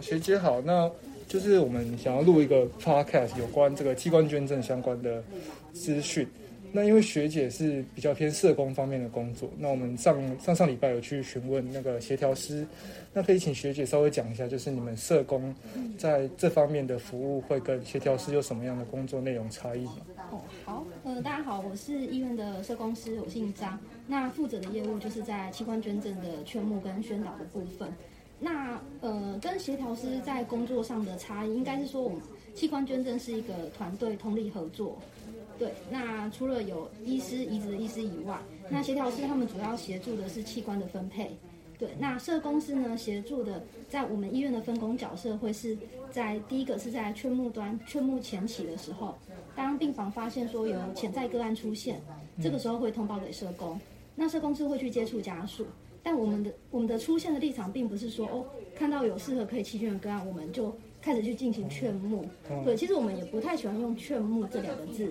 學姐好，那就是我們想要錄一個 podcast，有關這個器官捐贈相關的資訊。那因為學姐是比較偏社工方面的工作，那我們上上上禮拜有去詢問那個協調師，那可以請學姐稍微講一下，就是你們社工在這方面的服務會跟協調師有什麼樣的工作內容差異嗎？哦，好，呃，大家好，我是醫院的社工師，我姓張，那負責的業務就是在器官捐贈的勸募跟宣導的部分。那呃，跟協調師在工作上的差異，應該是說我們器官捐贈是一個團隊通力合作。對，那除了有醫師、移植醫師以外，那協調師他們主要協助的是器官的分配。對，那社工師呢協助的，在我們醫院的分工角色會是在第一個是在勸募端，勸募前期的時候，當病房發現說有潛在個案出現，這個時候會通報給社工，那社工師會去接觸家屬。但我們的我們的出現的立場，並不是說哦，看到有適合可以器捐的個案，我們就開始去進行勸募。對，其實我們也不太喜歡用勸募這兩個字。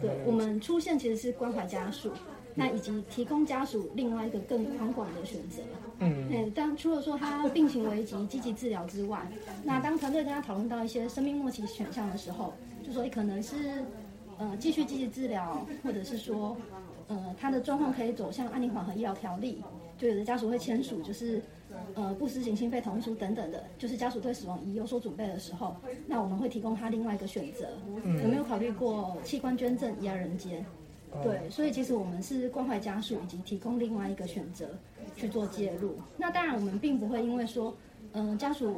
對，嗯、我們出現其實是關懷家屬，那、嗯、以及提供家屬另外一個更寬廣的選擇。嗯嗯。那當除了說他病情危急，積極治療之外，嗯、那當團隊跟他討論到一些生命末期選項的時候，就說可能是呃繼續積極治療，或者是說呃他的狀況可以走向安寧緩和醫療條例。就有的家屬會簽署，就是呃不施行心肺同意書等等的，就是家屬對死亡已有所準備的時候，那我們會提供他另外一個選擇，嗯、有沒有考慮過器官捐贈、遺愛人間？哦、對，所以其實我們是關懷家屬，以及提供另外一個選擇去做介入。嗯、那當然我們並不會因為說，嗯、呃、家屬。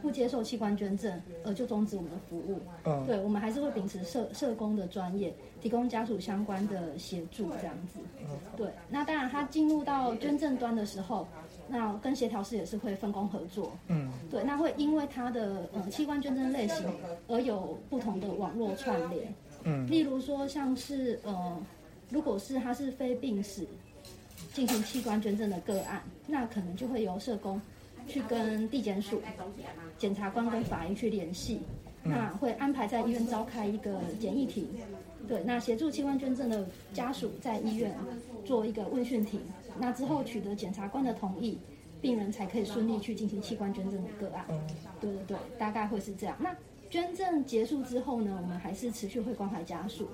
不接受器官捐贈，而就終止我們的服務。Oh. 對，我們還是會秉持社社工的專業，提供家屬相關的協助，這樣子。Oh. 對。那當然，他進入到捐贈端的時候，那跟協調師也是會分工合作。嗯，mm. 對。那會因為他的呃器官捐贈類型而有不同的網絡串聯。嗯，mm. 例如說像是呃，如果是他是非病史進行器官捐贈的個案，那可能就會由社工。去跟地檢署檢察官跟法醫去聯繫，那會安排在醫院召開一個簡易庭，對，那協助器官捐贈的家屬在醫院做一個問訊庭，那之後取得檢察官的同意，病人才可以順利去進行器官捐贈的個案，嗯、對對對，大概會是這樣。那捐贈結束之後呢，我們還是持續會關懷家屬，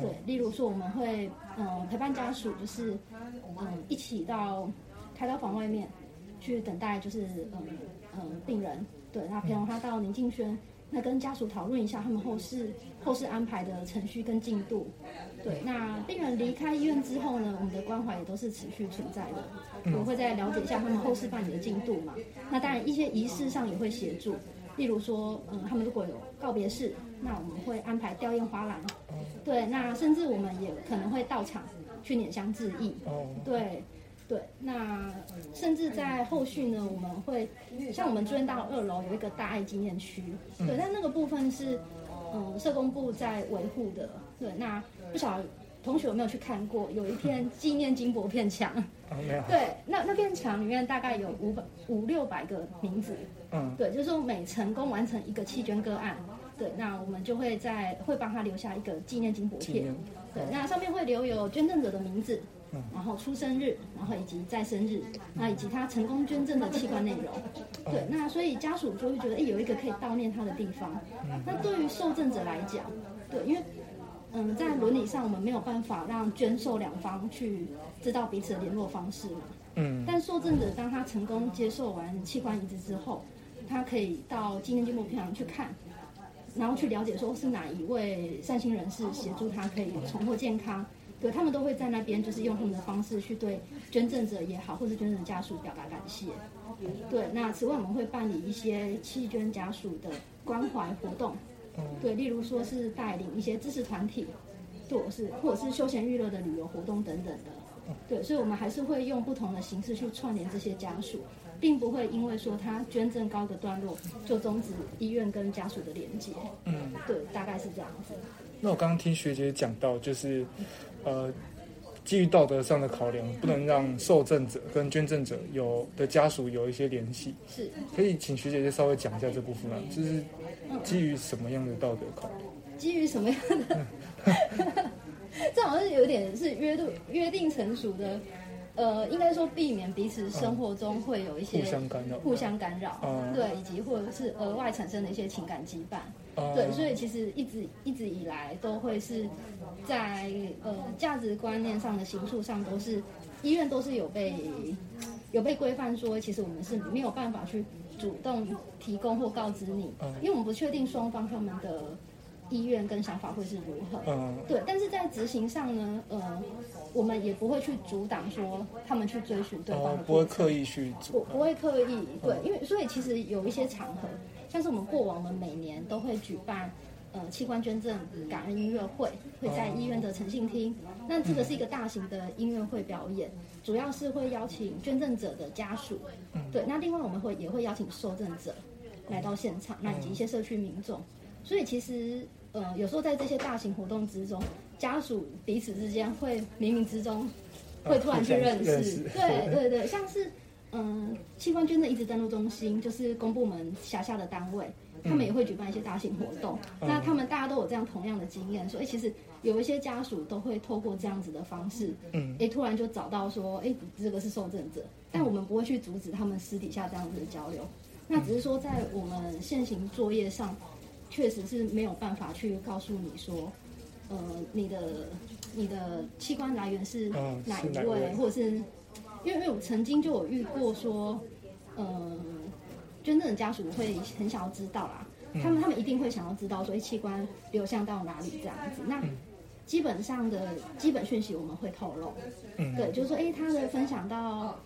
對，例如說我們會嗯陪伴家屬，就是嗯、呃、一起到開刀房外面。去等待就是嗯嗯病人對，那陪同他到寧靜軒，那跟家屬討論一下他們後事後事安排的程序跟進度，對，那病人離開醫院之後呢，我們的關懷也都是持續存在的，我會再了解一下他們後事辦理的進度嘛，那當然一些儀式上也會協助，例如說嗯他們如果有告別式，那我們會安排吊唁花籃，對，那甚至我們也可能會到場去拈香致意，對。對，那甚至在後續呢，我們會像我們住院到二樓有一個大愛紀念區，嗯、對，那那個部分是嗯社工部在維護的。對，那不曉得同學有沒有去看過，有一片紀念金箔片牆， 對，那那片牆裡面大概有五百五六百個名字，嗯，對，就是說每成功完成一個器捐個案，對，那我們就會在會幫他留下一個紀念金箔片，念對，那上面會留有捐贈者的名字。嗯、然後出生日，然後以及再生日，那以及他成功捐贈的器官內容，嗯、對，那所以家屬就會覺得，哎、欸，有一個可以悼念他的地方。嗯、那對於受贈者來講，對，因為，嗯，在倫理上我們沒有辦法讓捐受兩方去知道彼此的聯絡方式嘛。嗯。但受贈者當他成功接受完器官移植之後，他可以到紀念紀錄片上去看，然後去了解說是哪一位善心人士協助他可以重獲健康。他們都會在那邊，就是用他們的方式去對捐贈者也好，或是捐贈家屬表達感謝。對，那此外我們會辦理一些器捐家屬的關懷活動。對，例如說是帶領一些知識團體，對，是或者是休閒娛樂的旅遊活動等等的。對，所以我們還是會用不同的形式去串聯這些家屬，並不會因為說他捐贈告一段落就終止醫院跟家屬的連接。嗯，對，大概是這樣子。那我剛剛聽學姐講到，就是。呃，基於道德上的考量，不能讓受贈者跟捐贈者有的家屬有一些聯繫。是，可以請學姊稍微講一下這部分嗎，就是基於什麼樣的道德考量？基於什麼樣的？這好像是有點是約、約定成熟的，呃，應該說避免彼此生活中會有一些互相干擾、互相干擾，對，以及或者是額外產生的一些情感羈絆。嗯、對，所以其實一直一直以來都會是在呃價值觀念上的形塑上，都是醫院都是有被有被規範說，其實我們是沒有辦法去主動提供或告知你，嗯、因為我們不確定雙方他們的意願跟想法會是如何。嗯，對，但是在執行上呢，呃，我們也不會去阻擋說他們去追尋對方的，不會刻意去，不不會刻意，對，因為所以其實有一些場合，但是我們過往，我們每年都會舉辦，呃，器官捐贈感恩音樂會，會在醫院的誠信廳。哦嗯、那這個是一個大型的音樂會表演，嗯、主要是會邀請捐贈者的家屬，嗯、對。那另外我們會也會邀請受贈者來到現場，嗯、那以及一些社區民眾。嗯、所以其實，呃，有時候在這些大型活動之中，家屬彼此之間會冥冥之中會突然去認識，哦、認識對，對對對，像是。嗯，器官捐贈移植登錄中心就是公部門轄下的單位，嗯、他們也會舉辦一些大型活動。嗯、那他們大家都有這樣同樣的經驗，所以、嗯欸、其實有一些家屬都會透過這樣子的方式，嗯，哎、欸，突然就找到說，哎、欸，這個是受贈者。嗯、但我們不會去阻止他們私底下這樣子的交流，嗯、那只是說在我們現行作業上，嗯、確實是沒有辦法去告訴你說，呃，你的你的器官來源是哪一位，嗯、是哪一位或者是。因為因為我曾經就有遇過說，嗯、呃，捐贈的家屬會很想要知道啦、啊，他們他們一定會想要知道說一器官流向到哪裡這樣子，那。基本上的基本訊息我們會透露，嗯、對，就是說哎，他的分享到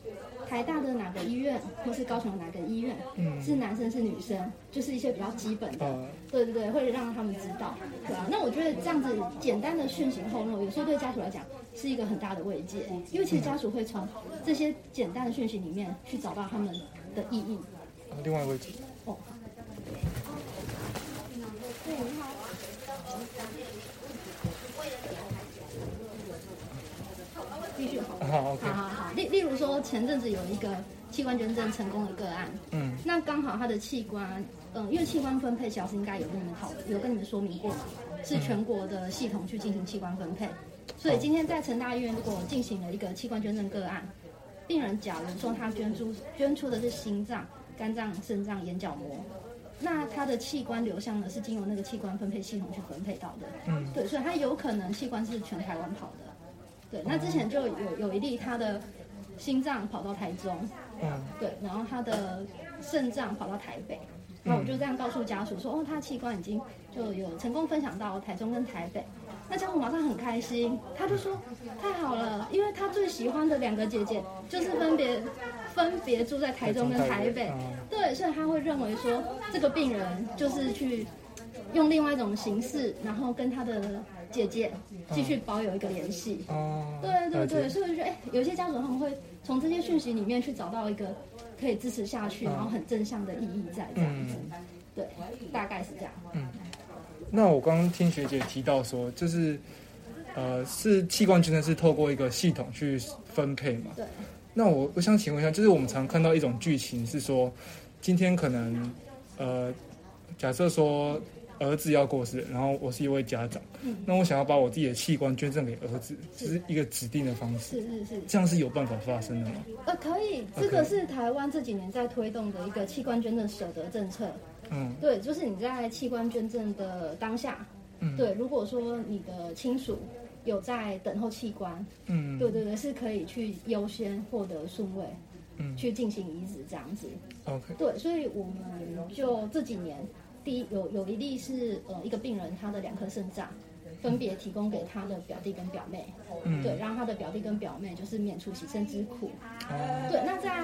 台大的哪個醫院，或是高雄的哪個醫院，嗯、是男生是女生，就是一些比較基本的，呃、對對對，會讓他們知道，對啊。那我覺得這樣子簡單的訊息後呢，有時候對家屬來講是一個很大的慰藉，因為其實家屬會從這些簡單的訊息裡面去找到他們的意義。另外一位哦，對，你好。好，好，好，好。好，好例例如說，前陣子有一個器官捐贈成功的個案，嗯，那剛好他的器官，嗯、呃，因為器官分配小時應該有跟你們討，有跟你們說明過，是全國的系統去進行器官分配。所以今天在成大醫院如果進行了一個器官捐贈個案，嗯、病人假如說他捐出捐出的是心臟、肝臟、腎臟、眼角膜，那他的器官流向呢是經由那個器官分配系統去分配到的，嗯、對，所以他有可能器官是全台灣跑的。對，那之前就有有一例他的心臟跑到台中，嗯、對，然後他的腎臟跑到台北，那我就這樣告訴家屬說，哦，他的器官已經就有成功分享到台中跟台北，那家屬馬上很開心，他就說太好了，因為他最喜歡的兩個姐姐就是分別分別住在台中跟台北，台中台北，嗯、對，所以他會認為說這個病人就是去用另外一種形式，然後跟他的。姐姐繼續保有一個聯繫。哦、嗯，嗯、對對對，姐所以我覺得，哎、欸，有些家屬他們會從這些訊息裡面去找到一個可以支持下去，嗯、然後很正向的意義在這樣子。子、嗯、對，大概是這樣。嗯，那我剛剛聽學姐提到說，就是，呃，是器官捐贈是透過一個系統去分配嘛？對。那我我想請問一下，就是我們常看到一種劇情是說，今天可能，呃，假設說。兒子要過世，然後我是一位家長，那我想要把我自己的器官捐贈給兒子，這是一個指定的方式，是是是，這樣是有辦法發生的嗎？呃，可以，這個是台灣這幾年在推動的一個器官捐贈捨得政策，嗯，對，就是你在器官捐贈的當下，對，如果說你的親屬有在等候器官，嗯，對對對，是可以去優先獲得順位，嗯，去進行移植這樣子，OK，對，所以我們就這幾年。第一有有一例是呃一個病人，他的兩顆腎臟分別提供給他的表弟跟表妹，嗯、對，讓他的表弟跟表妹就是免除洗腎之苦。嗯、對，那在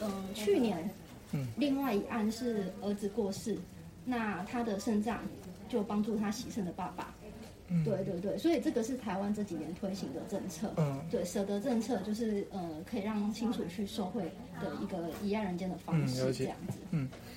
呃去年，嗯、另外一案是兒子過世，那他的腎臟就幫助他洗腎的爸爸。嗯、對對對，所以這個是台灣這幾年推行的政策，嗯、對，捨得政策就是呃可以讓親屬去受惠的一個一案人間的方式、嗯、這樣子。嗯